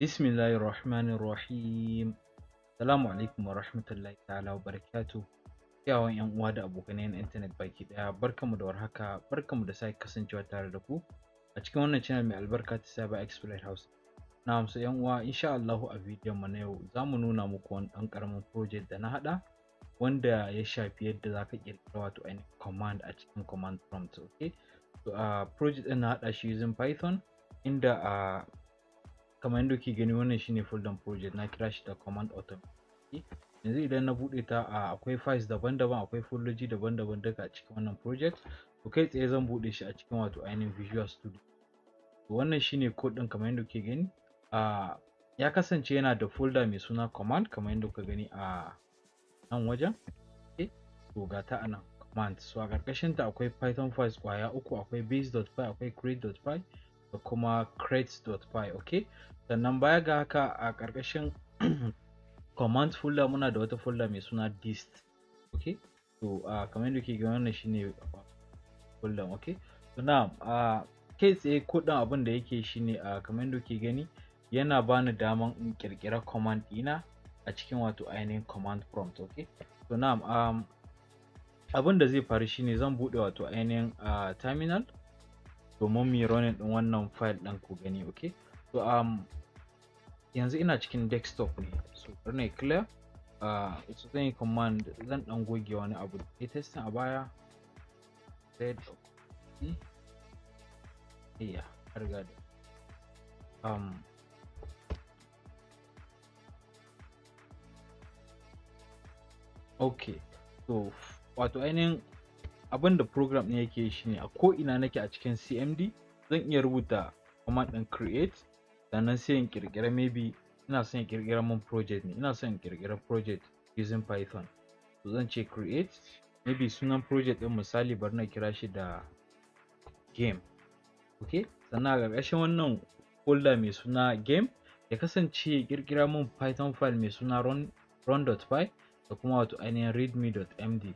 Bismillahi Rahmanir Rahim. salamu alaikum wa rahmatullahi ta'ala wa barakatuh. Yawan yan uwa da abokan intanet baki daya barkamu da warhaka barkamu da sake kasancewa tare da ku a cikin wannan channel mai albarka ta Saba Explain House. Na amsa yan uwa insha Allah a bidiyon mu na yau zamu nuna muku wani dan karamin project da na hada wanda ya shafi yadda zaka kirkira wato ainihin command a cikin command prompt okay. So a ah, project din na hada shi using Python inda a ah, kamar yadda kuke gani wannan shine folder project na kira shi da command automatic yanzu idan na bude ta a akwai files daban-daban akwai folloji daban-daban daga a cikin wannan project to kai tsaye zan bude shi a cikin wato ainihin visual studio to wannan shine code din kamar yadda kuke gani a ya kasance yana da folder mai suna command kamar yadda kuka gani a nan wajen to ga ta a nan command so a karkashin ta akwai python files ƙwaya uku akwai base.py akwai create.py da kuma crates.py ok sannan baya ga haka a ƙarƙashin command folder muna da wata folder mai suna dist ok to a kamar yadda ke gani wannan shine folder ok so na a kai tsaye kodin abin da yake shine a kamar yadda ke gani yana bani daman in kirkira command dina a cikin wato ainihin command prompt ok so na um, abin da zai faru shine zan bude wato ainihin terminal to mun mi ronin din wannan file ɗin ku gani okay so um yanzu ina cikin desktop ne so bari na clear uh so zan yi command zan dan goge wani abu da testin a baya z iya hmm? eh, har ga da um okay so wato ainihin abin da program ne yake shi ne a ko ina nake a cikin cmd zan iya rubuta command ɗin create sannan sai in kirkira maybe ina son in kirkira mun project ne ina son in kirkira project using python to zan ce create maybe sunan project ɗin misali bari na kira shi da game okay sannan a ƙarƙashin wannan folder mai suna game ya kasance kirkira mun python file mai suna run.py da kuma wato ainihin readme.md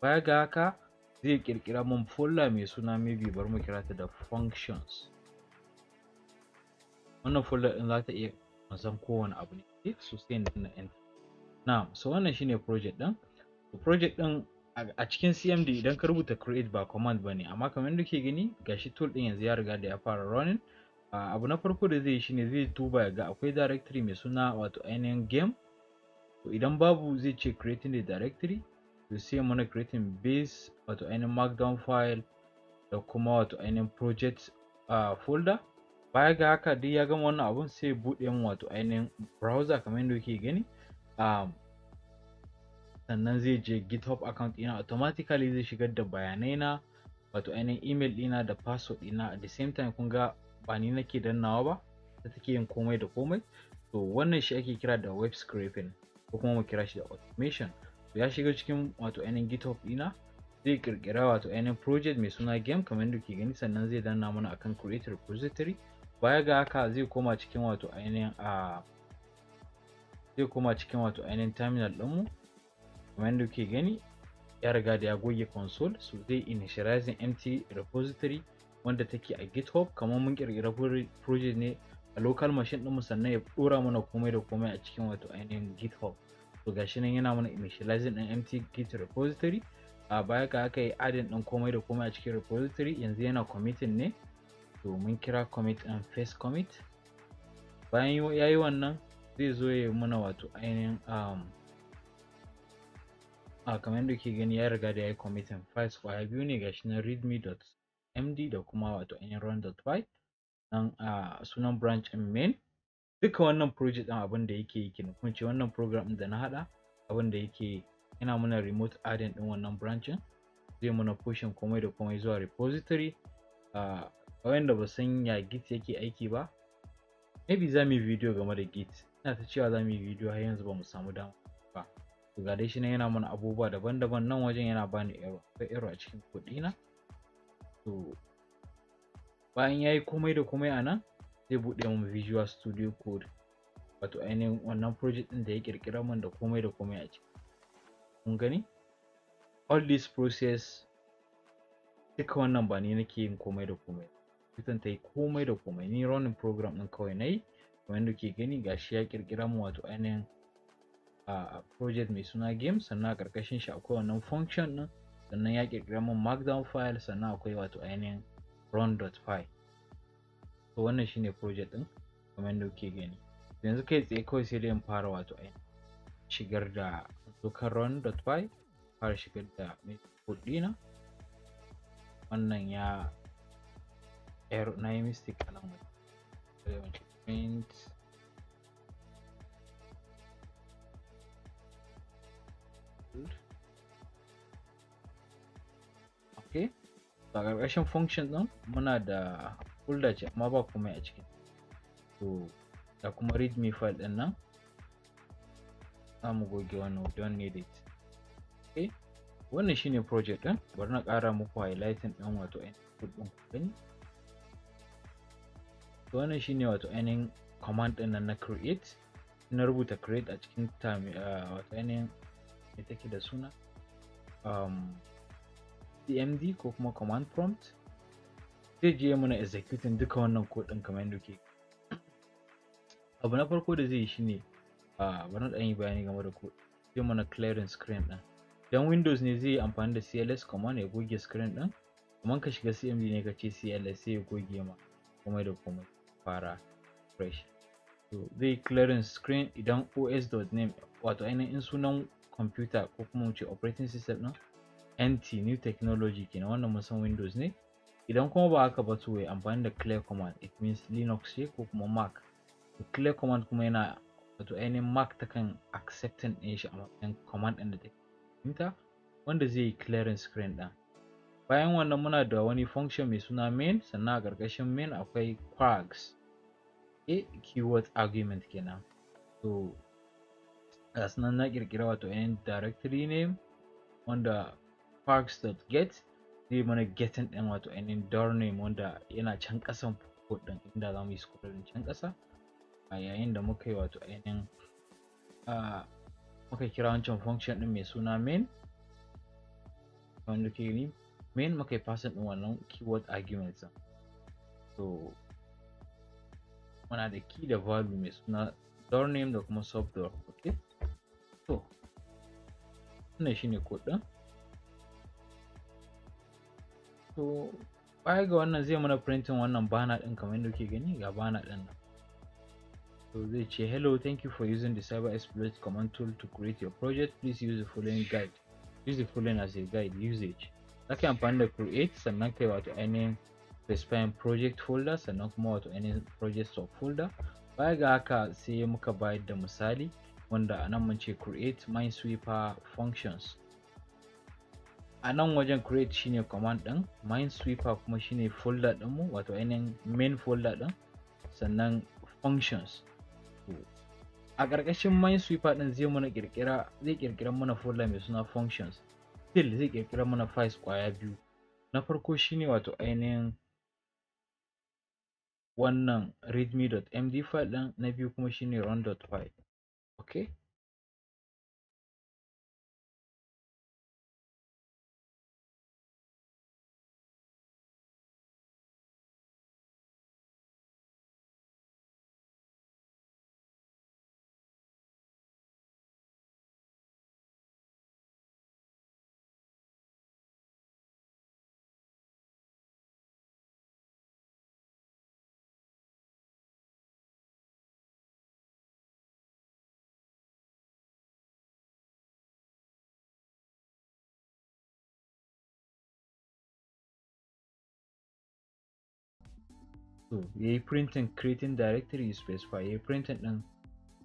baya ga haka zai kirkira mun folder mai suna maybe bar mu kira ta da functions wannan folder din za ta iya mazan kowane abu ne if eh, sustain din na enter now so wannan shine project din project din a cikin cmd idan ka rubuta create ba command bane amma kamar yadda gani gashi tool din yanzu ya riga da ya fara running abu na farko da zai shine zai tuba ya ga akwai directory mai suna wato ainihin game to idan babu zai ce creating the directory you see muna creating or wato any markdown file da kuma wato any project uh, folder baya ga haka duk ya gama wannan abun sai buɗe mu wato ainihin browser kamar yadda kuke gani um, sannan zai je github account ɗina automatically zai shigar da bayanai na wato ainihin email ɗina da password ɗina at the same time kun ga ba ni nake dannawa ba ta take yin komai da komai to wannan shi ake kira da web scraping ko kuma mu kira shi da automation ya shiga cikin wato ainihin github dina, zai kirkira wato ainihin project mai suna game kamar yadda ke gani sannan zai danna mana akan create repository baya ga haka zai koma cikin wato ainihin a zai koma cikin wato ainihin terminal ɗinmu kamar yadda ke gani ya riga da ya goge console so zai initializing empty repository wanda take a github kamar mun kirkira project ne a local machine ɗinmu sannan ya ɗora mana komai da komai a cikin wato ainihin github to gashi nan yana mana initializing din empty git repository a baya ka aka yi adin ɗin komai da komai a cikin repository yanzu yana committing ne to mun kira commit and face commit bayan ya yi wannan zai zo ya muna wato ainihin um, a kamar da ke gani ya riga da ya yi committing files kwaya biyu ne gashi na readme.md da kuma wato ainihin run.py nan a sunan branch in main duka wannan project din abinda da yake yi kenan wannan program da na hada Abinda yake yana muna remote adding din wannan branchin zai muna pushin komai da komai zuwa repository a da ba san ya git yake aiki ba maybe za mu yi video game da git ina ta cewa za mu yi video har yanzu ba mu samu dama ba to ga dai shi nan yana mana abubuwa daban-daban nan wajen yana bani error akwai error a cikin kuɗi na to bayan yi komai da komai a nan zai buɗe mun visual studio code wato ainihin wannan project ɗin da ya ƙirƙira mun da komai da komai a ciki mun gani all this process duka wannan ba ni nake yin komai da komai Python ta yi komai da komai ni running program ɗin kawai na yi kamar yadda ke gani shi ya ƙirƙira mun wato ainihin a project mai suna game sannan a ƙarƙashin shi akwai wannan function ɗin sannan ya ƙirƙira mun markdown file sannan akwai wato ainihin run.py so wannan shine project din kamar yadda kuke gani yanzu kai tsaye kawai sai dai in fara wato ai shigar da run dot run.py fara shigar da code dina wannan ya error na yi mistake a nan wajen print okay a ƙarƙashin function ɗin muna da folder ce amma ba komai a ciki to da kuma readme file din nan za mu goge wannan we don't need it okay wannan shine project din bari na ƙara muku highlighting din wato input din gani to wannan shine wato ainihin command din nan na create na rubuta create a cikin wato ainihin me take da suna um, cmd ko kuma command prompt zai je mana executing duka wannan kodin kamar yadda kuke abu na farko da zai yi shine a bari na yi bayani game da code zai mana clearing screen din idan windows ne zai yi amfani da cls command ya goge screen din kamar ka shiga cmd ne ka ce cls sai ya goge ma komai da komai fara fresh to zai clearing screen idan os.name wato in sunan computer ko kuma mu ce operating system din nt new technology kenan wannan mun san windows ne idan kuma ba haka ba to ya amfani da clear command it means linux ce ko kuma mac clear command kuma yana wato ainihin mac ta kan accepting ɗin shi a matsayin command ɗin da fahimta wanda zai yi clearing screen ɗin bayan wannan muna da wani function mai suna main sannan a ƙarƙashin main akwai quarks a keyword argument kenan to gasu nan na ƙirƙira wato ainihin directory name wanda quarks.get zai mana getin din wato ainihin door name wanda yana can kasan port din inda za mu yi scrolling can kasa a yayin da muka yi wato ainihin muka kira wancan function din mai suna main wanda ke ni main muka yi passing din wannan keyword argument din so muna da key da value mai suna door name da kuma sub door okay so wannan shine code din to baya ga wannan zai mana printin wannan bana din kamar yadda kuke gani ga bana din nan so zai ce hello thank you for using the cyber exploit command tool to create your project please use the following guide use the following as a guide usage zaka amfani da create sannan kai wato ainihin specifying project folder sannan kuma wato ainihin project folder baya ga haka sai muka bayar da misali wanda anan mun ce create minesweeper functions a nan wajen create shine command din minesweeper kuma shine folder dinmu wato ainihin main folder din sannan functions a ƙarƙashin minesweeper din zai mana kirkira zai kirkira mana folder mai suna functions still zai kirkira mana files kwaya biyu na farko shine wato ainihin wannan readme.md file din na biyu kuma shine run.py okay So, ya yi printing creating directory specify ya yi printing din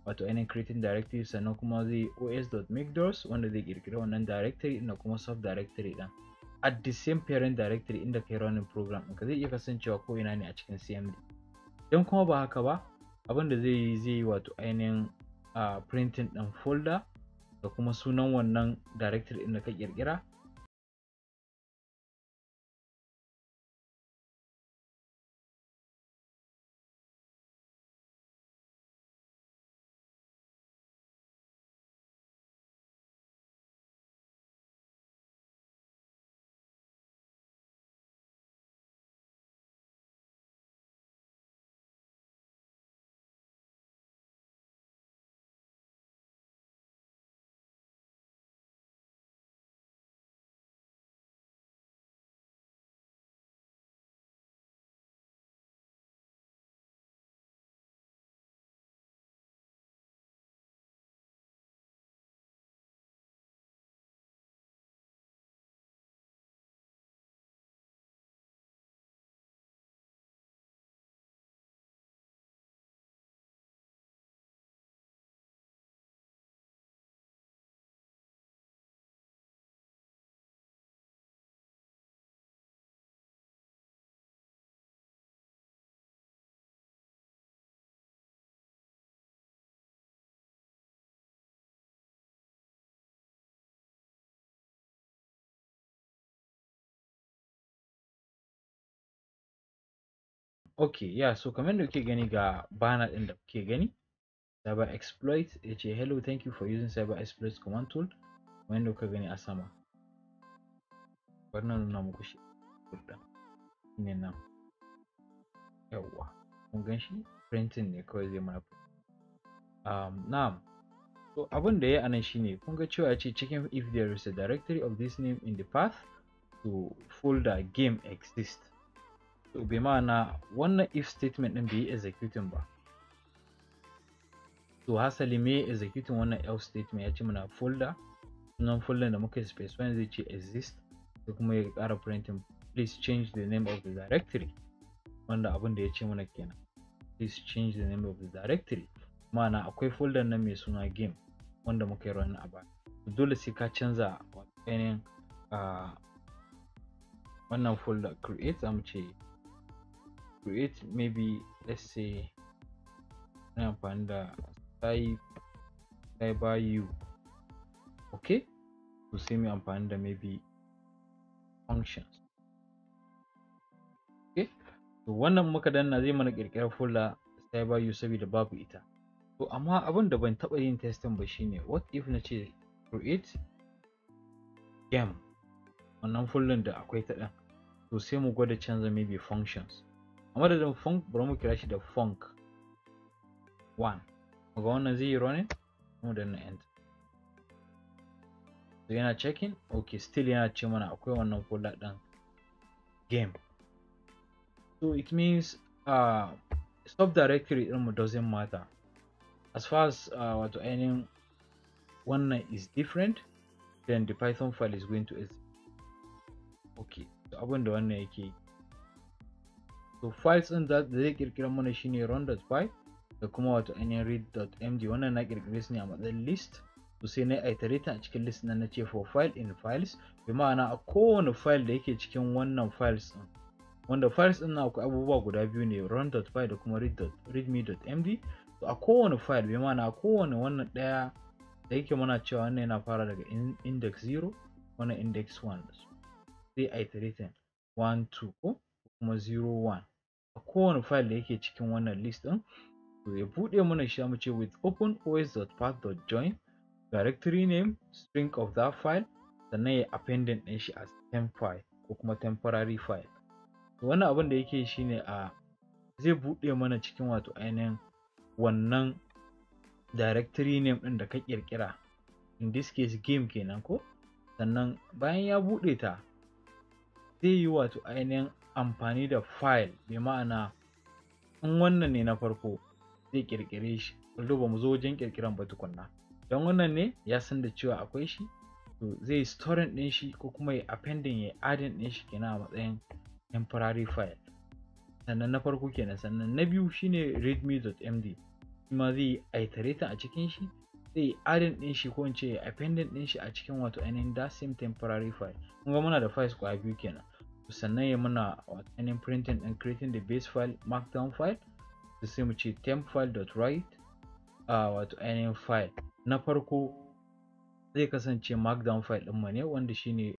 wato ainihin creating directory sannan kuma zai os.mcdos wanda zai kirkira wannan directory da kuma directory din at the same parent directory inda kai running program ɗinka zai iya kasancewa ko ina ne a cikin cmd don kuma ba haka ba abinda zai yi zai wato ainihin ah, printing ɗin folder da kuma sunan wannan directory ɗin da ka kirkira Okay, yeah, so kamar da kuke gani ga banner ɗin da kuke gani, Cyber Exploit ya Hello, thank you for using Cyber Exploit command tool, wanda kuka gani a sama. Bari na nuna muku shi, kurɗa, ne nan. Yawwa, kun gan shi, printing ne kawai zai mana Um, na'am, so abin da ya anan shine, kun ga cewa ya ce, if there is a directory of this name in the path to folder game exists. To bi ma'ana wannan if statement ɗin bai yi executing ba to hasali me executing wannan else statement ya ce muna folder sunan folder da muka space wani zai ce exist da kuma ya ƙara printing please change the name of the directory wanda abin da ya ce mana kenan please change the name of the directory ma'ana akwai folder nan mai suna game wanda muka yi run a baya dole sai ka canza ainihin ah, wannan folder create za ce create maybe let's say na amfani da type cyber u okay to sai mu amfani da maybe functions okay to wannan muka na zai mana kirkirar fulla cyber u da babu ita to amma abin da ban taɓa yin testing ba shine what if na ce create game wannan folder da akwai ta dan to sai mu gwada canza maybe functions a madadin funk bari mu kira shi da funk 1 muga wannan zai yi running mu na end so yana checking okay still yana ce mana akwai wannan folder din game so it means uh, sub directory mu doesn't matter as far as uh, wato ainihin wannan is different then the python file is going to exist okay so abin da wannan yake To files in da zai kirkira mana shine run.py da kuma wato dot md wannan na kirkire su ne a matsayin list to sai na iterate a cikin list na ce for file in files bi ma'ana a kowane file da yake cikin wannan files ɗin wanda files ɗin na akwai abubuwa guda biyu ne run.py da kuma readme.md to a kowane file bi ma'ana a kowane wannan daya da yake muna cewa wannan yana fara daga index 0 wannan index 1 sai iterate 1 2 ko kuma 0 1 a kowane file da yake cikin wannan list ɗin to ya buɗe mana shi mu ce with open os.path.join directory name string of that file sannan ya appending ɗin shi as temp file ko kuma temporary file to wannan abin da yake shine a zai buɗe mana cikin wato ainihin wannan directory name ɗin da ka ƙirƙira in this case game kenan ko sannan bayan ya buɗe ta zai yi wato ainihin amfani da fayil mai ma'ana in wannan ne na farko zai kirkire shi although ba mu zo wajen kirkiran ba tukunna don wannan ne ya san da cewa akwai shi to zai storing din shi ko kuma ya appending ya adding din shi kenan a matsayin temporary file sannan na farko kenan sannan na biyu shine readme.md kuma zai yi iterating a cikin shi zai yi adding din shi ko in ce appending din shi a cikin wato ainihin that same temporary file kuma muna da files guda biyu kenan sannan ya muna ainihin printing and creating the base file markdown file da sai mu ce temp file.write a wato ainihin file na farko zai kasance markdown file mu ne wanda shine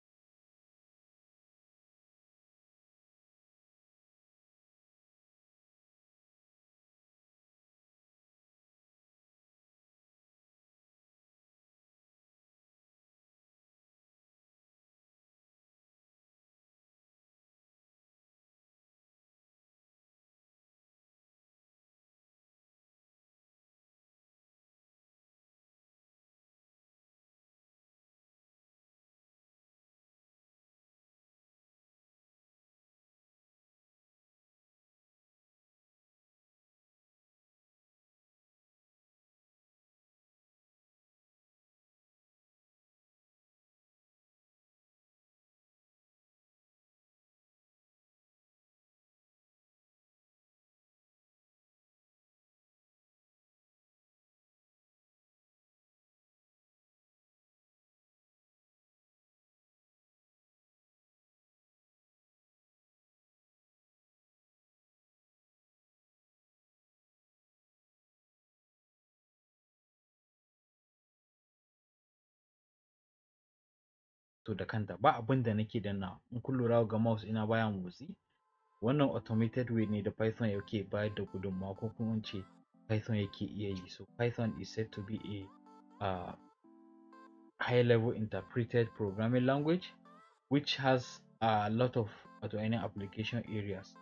to da kanta ba abin da nake danna in kun lura ga mouse ina baya motsi wannan automated way ne da python yake bayar da gudunmawa ko kuma ce python yake iya yi so python is said to be a uh, high level interpreted programming language which has a lot of to any application areas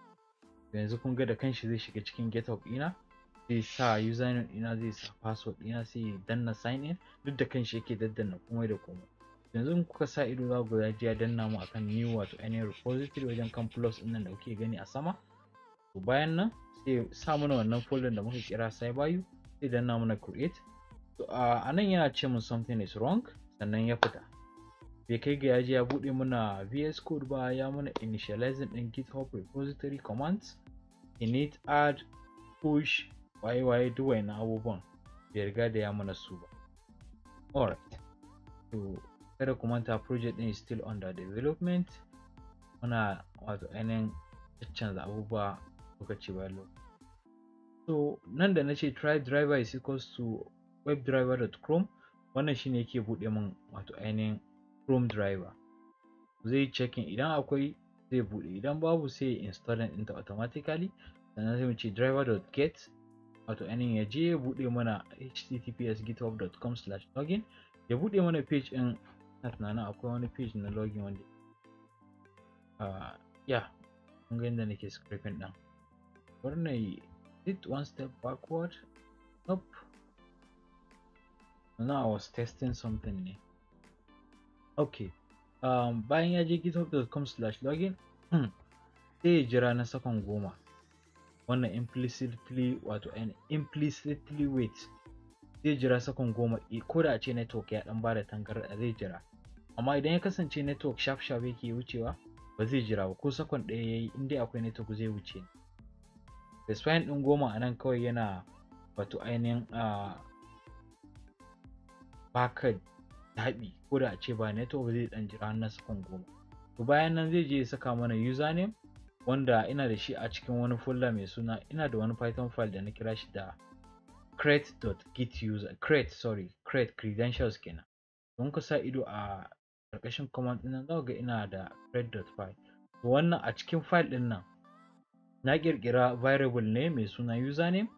yanzu kun ga da kanshi zai shiga cikin github ina zai sa username ina zai sa password ina sai danna sign in duk da kanshi yake daddana komai da komai yanzu in kuka sa ido za ku ji ya danna mu akan new wato any repository wajen kan plus din nan da kuke gani a sama to bayan nan sai sa mana wannan folder da muka kira cyberu sai danna mana create to a nan yana ce mun something is wrong sannan ya fita bai kai ga yaji ya bude muna vs code ba ya mana initializing din github repository commands init add push waye waye duk wayannan abubuwan bai riga da ya mana su ba alright to kada ku manta project din is still under development muna wato ainihin canza abubuwa lokaci bayan lokaci so nan da na ce try driver is equals to webdriver.chrome wannan shine yake bude min wato ainihin chrome driver zai checking idan akwai zai bude, idan babu sai din ta automatically sannan sai mu ce driver.get wato ainihin ya je ya buɗe mana https github.com login ya bude mana page ɗin na tunanin akwai wani page na login wanda a ya kun ga yadda nake scraping din bari na yi did one step backward up Na I was testing something ne okay um, bayan ya je github.com slash login sai ya jira na sakon goma wannan implicitly wato an implicitly wait zai jira sakon goma eh, ko da a ce network ya dan bada tangarda zai jira amma idan ya kasance network shaf shaf yake wucewa ba zai jira ba ko sakon ɗaya yayi in dai akwai network zai wuce ni spine ɗin goma a nan kawai yana wato ainihin a baka daɓi ko da a ce ba network zai ɗan jira na sakon goma to bayan nan zai je ya saka mana username wanda ina da shi a cikin wani folder mai suna ina da wani python file da na kira shi da create.git user create sorry create credentials kenan don ka sa ido a ƙarƙashin command ɗin nan ga ina da thread.py to wannan a cikin file ɗin nan na ƙirƙira variable ne mai suna username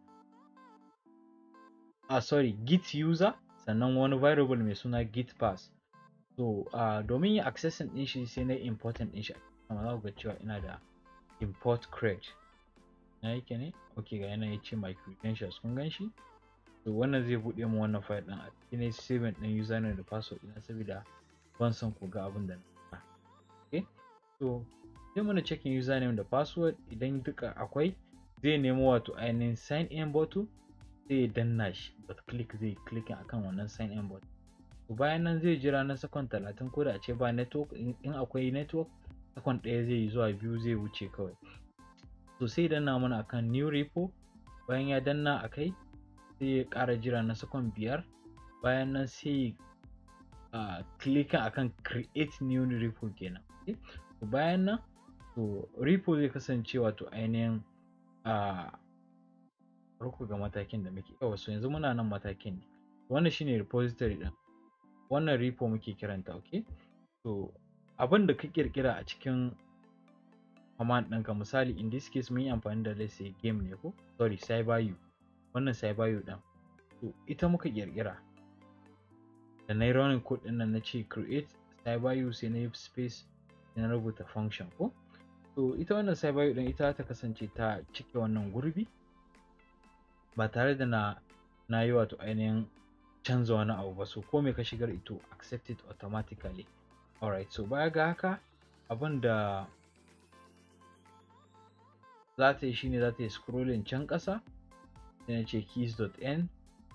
a ah, sorry git user sannan wani variable mai suna git pass so uh, ah, domin yin accessing ɗin shi sai na important ɗin shi kuma za ga cewa ina da import crate na yake ne ok ga yana ya ce my credentials kun gan shi to wannan zai buɗe mu wannan file ɗin a cikin saving ɗin username da password ɗin saboda ban son ku ga abin da na okay so zai mana checking username da password idan duka akwai zai nemo wato ainihin sign in button sai ya danna shi but click zai a akan wannan sign in button to bayan nan zai jira na sakon 30 ko da a ce ba network in akwai network sakon ɗaya zai yi zuwa biyu zai wuce kawai to sai danna mana akan new repo bayan ya danna akai sai ya ƙara jira na sakon biyar bayan nan sai A clicking akan create new repo kenan to bayan nan to repo zai kasance wato ainihin uh, ruku ga matakin da muke yawa so yanzu muna nan matakin ne wannan shine repository din wannan repo muke kiranta okay so abin da ka kirkira a cikin command ɗinka misali in this case mun yi amfani da let's say game ne ko sorry cyber u wannan cyber u din to ita muka kirkira da na yi running code nan na ce create cyber sai na yi space na rubuta function ko so ita wannan cyber ɗin ita ta kasance ta cike wannan gurbi ba tare da na na yi wato ainihin canza wani abu ba so ko me ka shigar ito accept it automatically alright so baya ga haka abin da za ta yi shine za ta yi scrolling can ƙasa sai na ce keys.n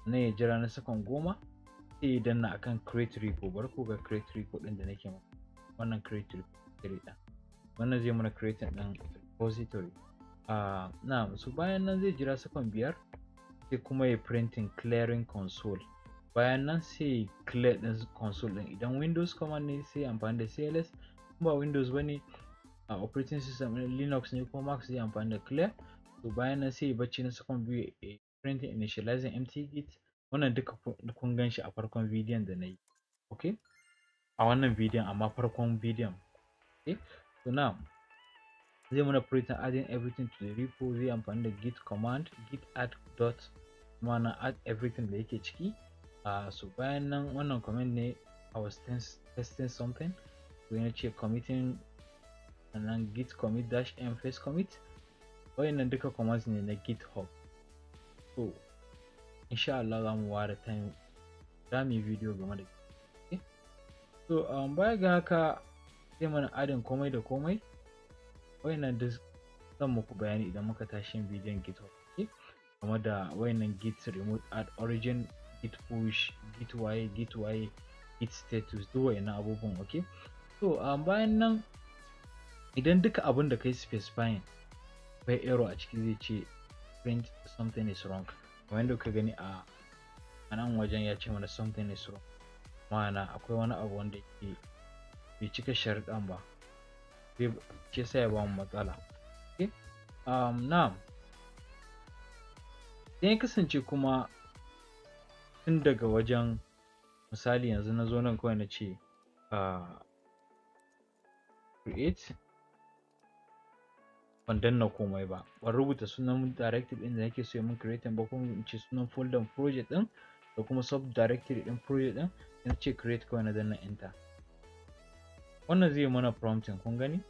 na ya jira na sakon goma sai ya danna akan create repo bar ko ga create repo din da nake maka wannan create repository din wannan zai mana create din repository uh, ah, na so bayan nan zai jira sakon biyar sai kuma ya printing clearing console bayan nan sai clear din console din idan windows command ne sai amfani da cls ba windows bane a uh, operating system linux ne kuma mac zai amfani da clear to bayan nan sai bacci na sakon biyu printing initializing mtgit wannan duka kun gan shi a farkon bidiyon da na yi okay a wannan bidiyon amma farkon bidiyon okay so now zai mana print adding everything to the repo zai amfani da git command git add dot kuma na add everything da yake ciki uh, so bayan nan wannan command ne i was testing something so yana ce committing sannan git commit dash m face commit wayannan duka commands ne na github so insha Allah za mu ware time za mu yi video game da okay? so um, baya ga haka zai mana adin komai da komai wayannan da zan muku bayani idan muka tashi yin bidiyon git ok game da wayannan git remote add origin git push git waye git waye git status duk wayannan abubuwan ok so um, bayan nan idan duka abin da kai specifying bai error a ciki zai ce print something is wrong kamar yadda kuka gani a nan wajen ya ce mana something is wrong ma'ana akwai wani abu wanda ke bai cika sharuɗan ba shi ya bamu matsala um, na sai ya kasance kuma tun daga wajen misali yanzu na zo nan kawai na ce uh, create ban danna komai ba ban rubuta sunan directive din da nake so mun creating ba kuma in ce sunan folder project din da kuma directory din project din in ce create kawai na danna enter wannan zai mana prompting kun gani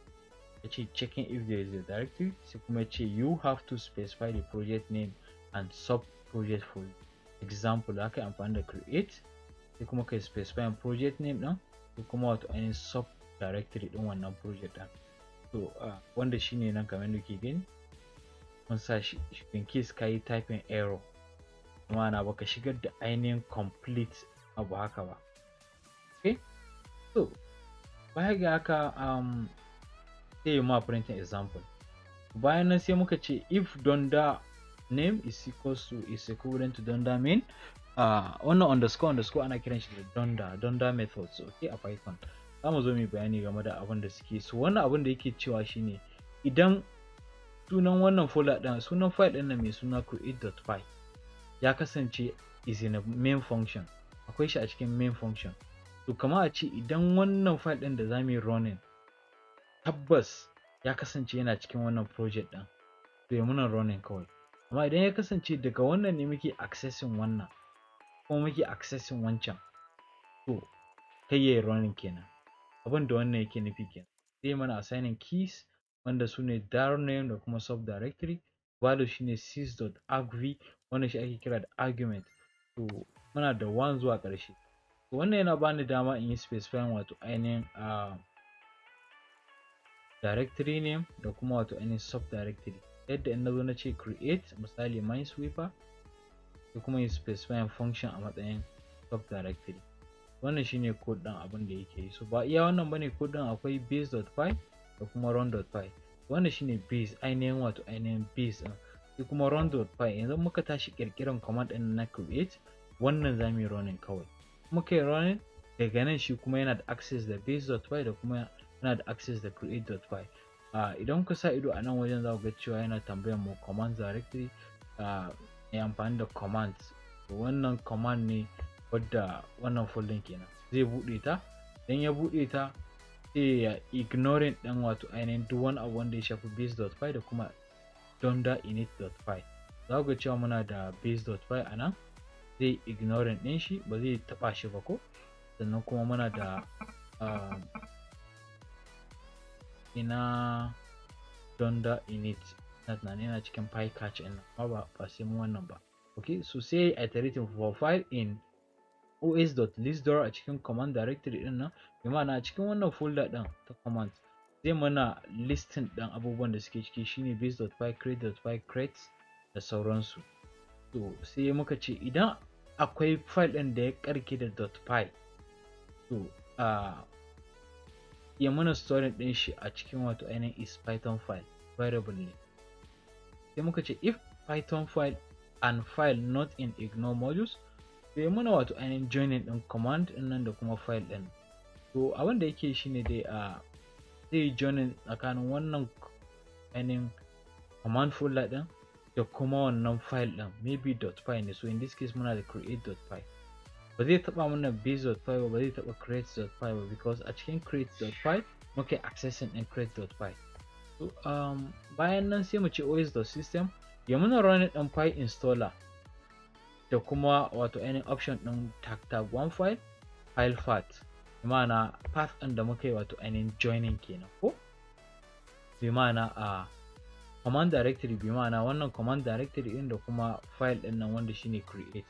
ya ce checking if there is a directory sai kuma ya ce you have to specify the project name and sub project folder example haka amfani da create sai kuma kai specify project name din sai kuma wato ainihin sub directory din wannan project din to wanda shine nan kamar da ke gani mun sa shi in case ka yi typing error ma'ana baka shigar da ainihin complete abu haka ba okay so baya ga haka um, sai yi ma printing example bayan nan sai muka ce if donda name is equal to is equivalent to donda main uh, wannan underscore underscore ana kiran shi da donda donda methods okay a python za mu zo mu bayani game da abin da suke so wannan abin da yake cewa shine idan sunan wannan folder ɗin sunan file ɗin nan mai suna create.py ya kasance is in a main function akwai shi a cikin main function to kama a ce idan wannan file ɗin da za mu yi running tabbas ya kasance yana cikin wannan project ɗin to ya muna running kawai amma idan ya kasance daga wannan ne muke accessing wannan kuma muke accessing wancan to kai yayi running kenan abin da wannan yake nufi kenan zai mana assigning keys wanda su ne name da kuma subdirectory value shine sys.argv wanda shi ake kira da argument to muna da one zuwa ƙarshe to wannan yana bani dama in yi specifying wato ainihin a directory name da kuma wato ainihin subdirectory yadda in nazo na ce create misali minesweeper da kuma yi specifying function a matsayin subdirectory wannan shine code din abin da yake yi so ba iya wannan bane code din akwai base.py da kuma run.py wannan shine base ainihin wato ainihin base din sai kuma run.py yanzu muka tashi kirkiran command din na create wannan zamu yi running kawai muka yi running daga nan shi kuma yana da access da base.py da kuma yana da access da create.py idan ku sa ido a nan wajen za ku ga cewa yana tambayar mu command directory a ya amfani da command wannan command ne wadda wannan folding kenan zai buɗe ta idan ya buɗe ta sai ya ignoring ɗin wato ainihin duk wani abu wanda ya shafi base.py da kuma donder init.py za ku cewa muna da base.py a nan zai ignoring ɗin shi ba zai taɓa shi ba ko sannan kuma muna da ah, ina donder init na yana cikin pycatch ɗin nan ba ba sai mu wannan ba okay so sai iterating for file in os.listdoor a cikin command directory din nan bi ma'ana a cikin wannan folder din ta command zai mana listing din abubuwan da suke ciki shine base.py create.py create da sauransu to sai muka ce idan akwai file din da ya karke da .py to ya mana storing din shi a cikin wato ainihin is python file variable ne sai muka ce if python file and file not in ignore modules sai yi mana wato ainihin joining din command din nan da kuma file din to abin da yake shine dai a ah, zai joining tsakanin wannan ainihin command folder din da kuma wannan file din maybe .py ne so in this case muna da create.py ba zai taba mana base.py ba ba zai taba create.py ba because a cikin create.py muke accessing din create.py so um bayan nan sai mu ce os.system ya muna running din py installer da kuma wato ainihin option ɗin tag tag one file file path Imana path ɗin da muka yi wato ainihin joining kenan ko bi a command directory bi wannan command directory ɗin da kuma file ɗin nan wanda shine create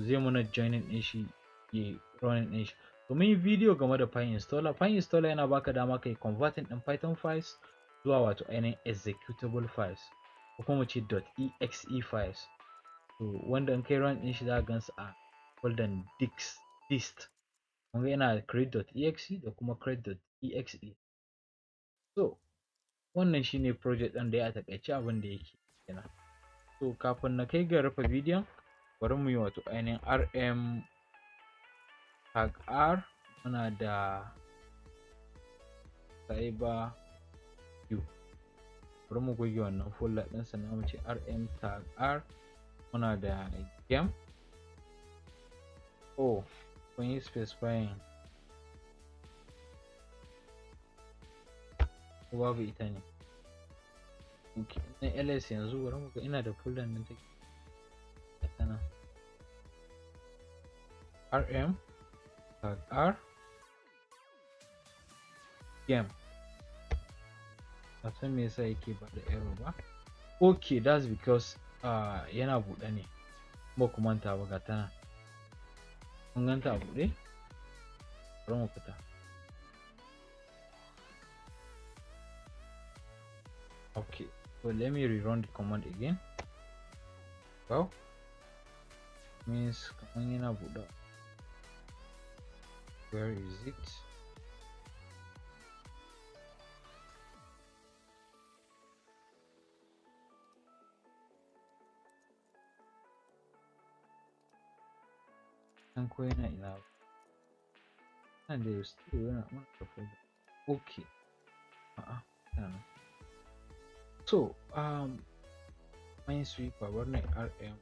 zai muna joining ɗin shi ya running ɗin shi to mun yi video game da Pine installer Pine installer yana baka dama kai converting ɗin python files zuwa wato ainihin executable files ko kuma ce .exe files to wanda in kai run shi za ka gansu a folder disk dist kun ga yana create.exe da kuma create.exe so wannan shine project ɗin da ya takaice abin da yake kenan so kafin na kai ga rufe bidiyon bari mu yi wato ainihin rm tag r muna da cyber q bari mu goge wannan folder ɗinsa sannan mu ce rm tag r game. oh when you specifying babu ita ne na ls yanzu bari mu ga ina da folder nan take rm tag r game ba me say yake keep the error okay that's because yana buɗe ne ba ku manta ba ga nan kun ganta a buɗe bari mu fita ok so let me rerun the command again wow means kaman yana buɗe where is it 関係ないな。なんで、スティールな、なんかこれ、OK。あ、なの。So, um, RM, R, RM, M.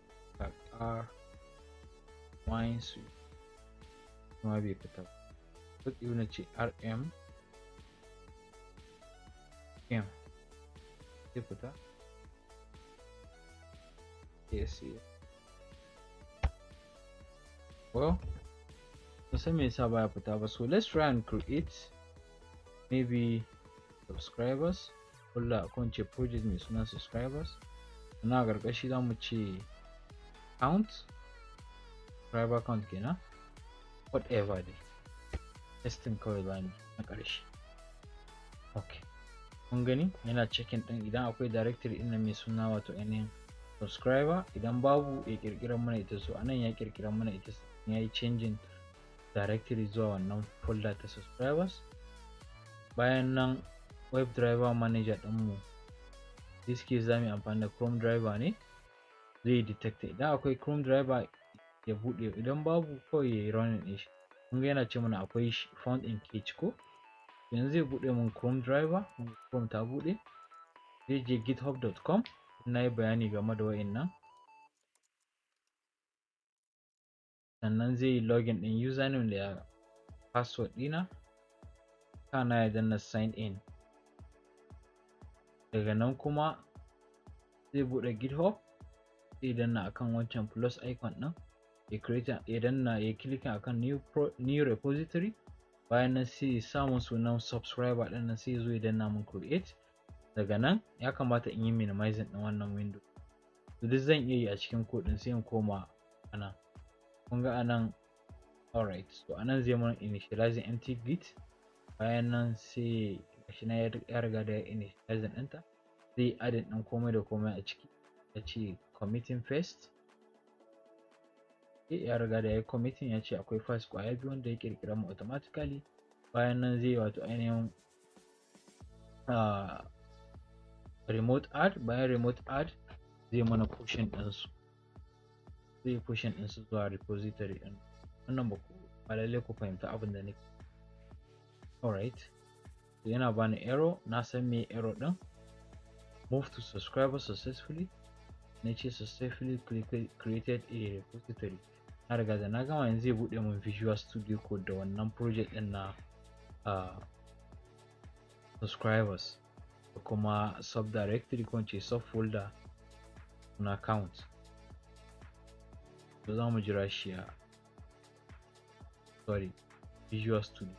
Yeah, Yes, well ba san me yasa baya fita ba so let's try and create maybe subscribers kulla ko in project me suna subscribers na gargashi za mu ce count subscriber count kenan whatever dai testing kawai za mu na ƙarshe okay kun gani yana checking din idan akwai directory ɗin mai suna wato ainihin subscriber idan babu ya kirkirar mana ita so anan ya kirkirar mana ita so. ya yi canjin directory zuwa wannan folder ta subscribers bayan nan driver manager ɗinmu this case za amfani da chrome driver ne zai detect idan akwai chrome driver ya buɗe idan babu kawai ya yi running ɗin shi kun ga yana ce mana akwai found in cage ko yanzu zai buɗe mun chrome driver chrome ta buɗe zai je github.com na yi bayani game da nan. sannan zai yi login ɗin username da ya password ɗina kana ya danna sign in daga nan kuma zai buɗe github zai danna akan wancan plus icon ɗin ya create ya danna ya click akan new pro, new repository bayan nan sai ya samun sunan subscriber ɗin nan sai ya zo ya danna mun create daga nan ya kamata in yi minimizing ɗin wannan window to duk zan iya yi a cikin code din sai in koma ana kunga ga anan alright so anan zai mana initializing empty git bayan nan sai gashi na ya riga da initializing ɗinta zai adin ɗin komai da komai a ciki ya ce committing first sai eh, ya riga da ya committing ya ce akwai fast kwaya biyu wanda ya kirkira mu automatically bayan nan zai wato ainihin ah, remote add bayan remote add zai mana pushing ɗinsu zai pushin din su zuwa repository din wannan ba ku ba lalle ku fahimta abin da nake alright to yana bani error na san me error din move to subscriber successfully na ce successfully created a repository na riga da na gama yanzu zai bude min visual studio code da wannan project din na subscribers da kuma subdirectory ko ce subfolder na account to za mu jira shi a sorry visual studio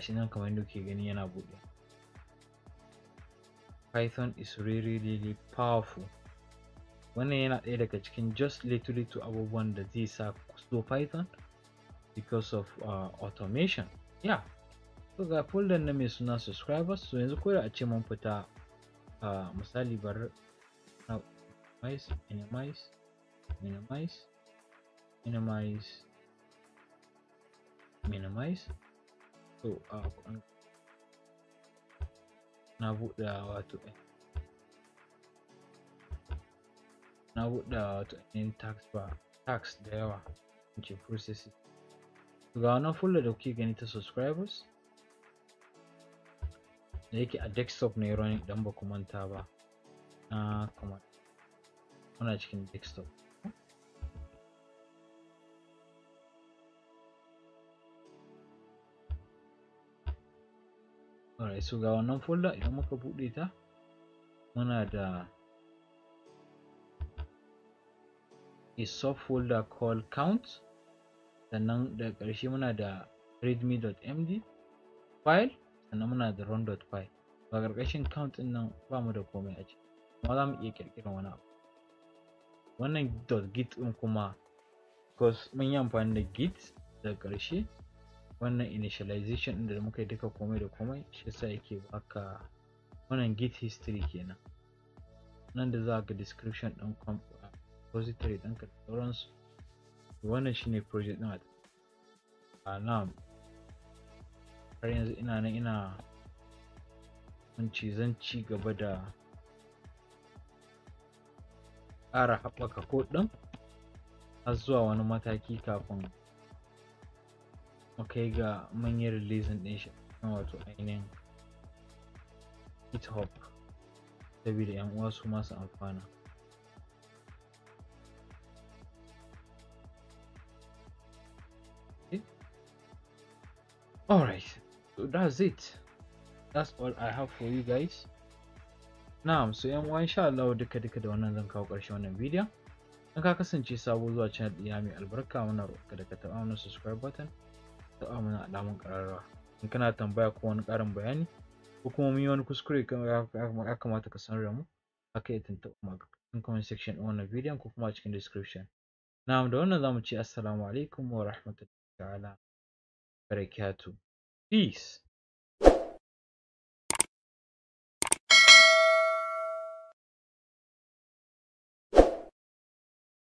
shi nan kamar yadda kuke gani yana buɗe python is really really powerful wannan yana ɗaya daga cikin just little little abubuwan da zai sa so python because of uh, automation yeah so ga folder na mai suna subscribers so yanzu ko da a ce mun fita uh, misali bar mais, N mais, N mais, N mais, N mais. Ah, um. To a eh. na buɗe wato na eh, buɗe wato in tax bar tax da yawa ce processes ga wannan folder da kuke gani ta subscribers da yake a desktop ne running dan ba ku manta ba na ah, command Muna cikin desktop alright so ga wannan folder idan muka buɗe ta muna da a subfolder called count sannan da ƙarshe muna da readme.md file sannan muna da run.py ba ƙarƙashin count ɗin nan ba mu da komai a ciki amma zamu mu iya ƙirƙirar wani abu wannan .git din kuma because mun yi amfani da git da ƙarshe wannan initialization din da muka yi duka komai da komai shi yasa yake baka wannan git history kenan nan da za ka description din uh, repository din ka da sauransu wannan shine project din a na har yanzu ina nan ina zan ci gaba da haɓaka code har zuwa wani mataki kafin ga manyan releasing shi wato ainihin github uwa su masu amfana eh? alright so that's it that's all i have for you guys Na'am, so yan uwa insha Allah duka duka da wannan zan kawo ƙarshen wannan bidiyon. In ka kasance sabo zuwa channel ɗina mai albarka muna roƙa da ka taɓa mana subscribe button, taɓa mana alamun ƙararrawa. In kana tambaya ko wani ƙarin bayani ko kuma mun yi wani kuskure ya kamata ka sanar da mu, aka iya tuntuɓa mu a comment section ɗin wannan bidiyon ko kuma a cikin description. Na'am da wannan zamu ce assalamu alaikum wa rahmatullahi ta'ala barakatuh. Peace.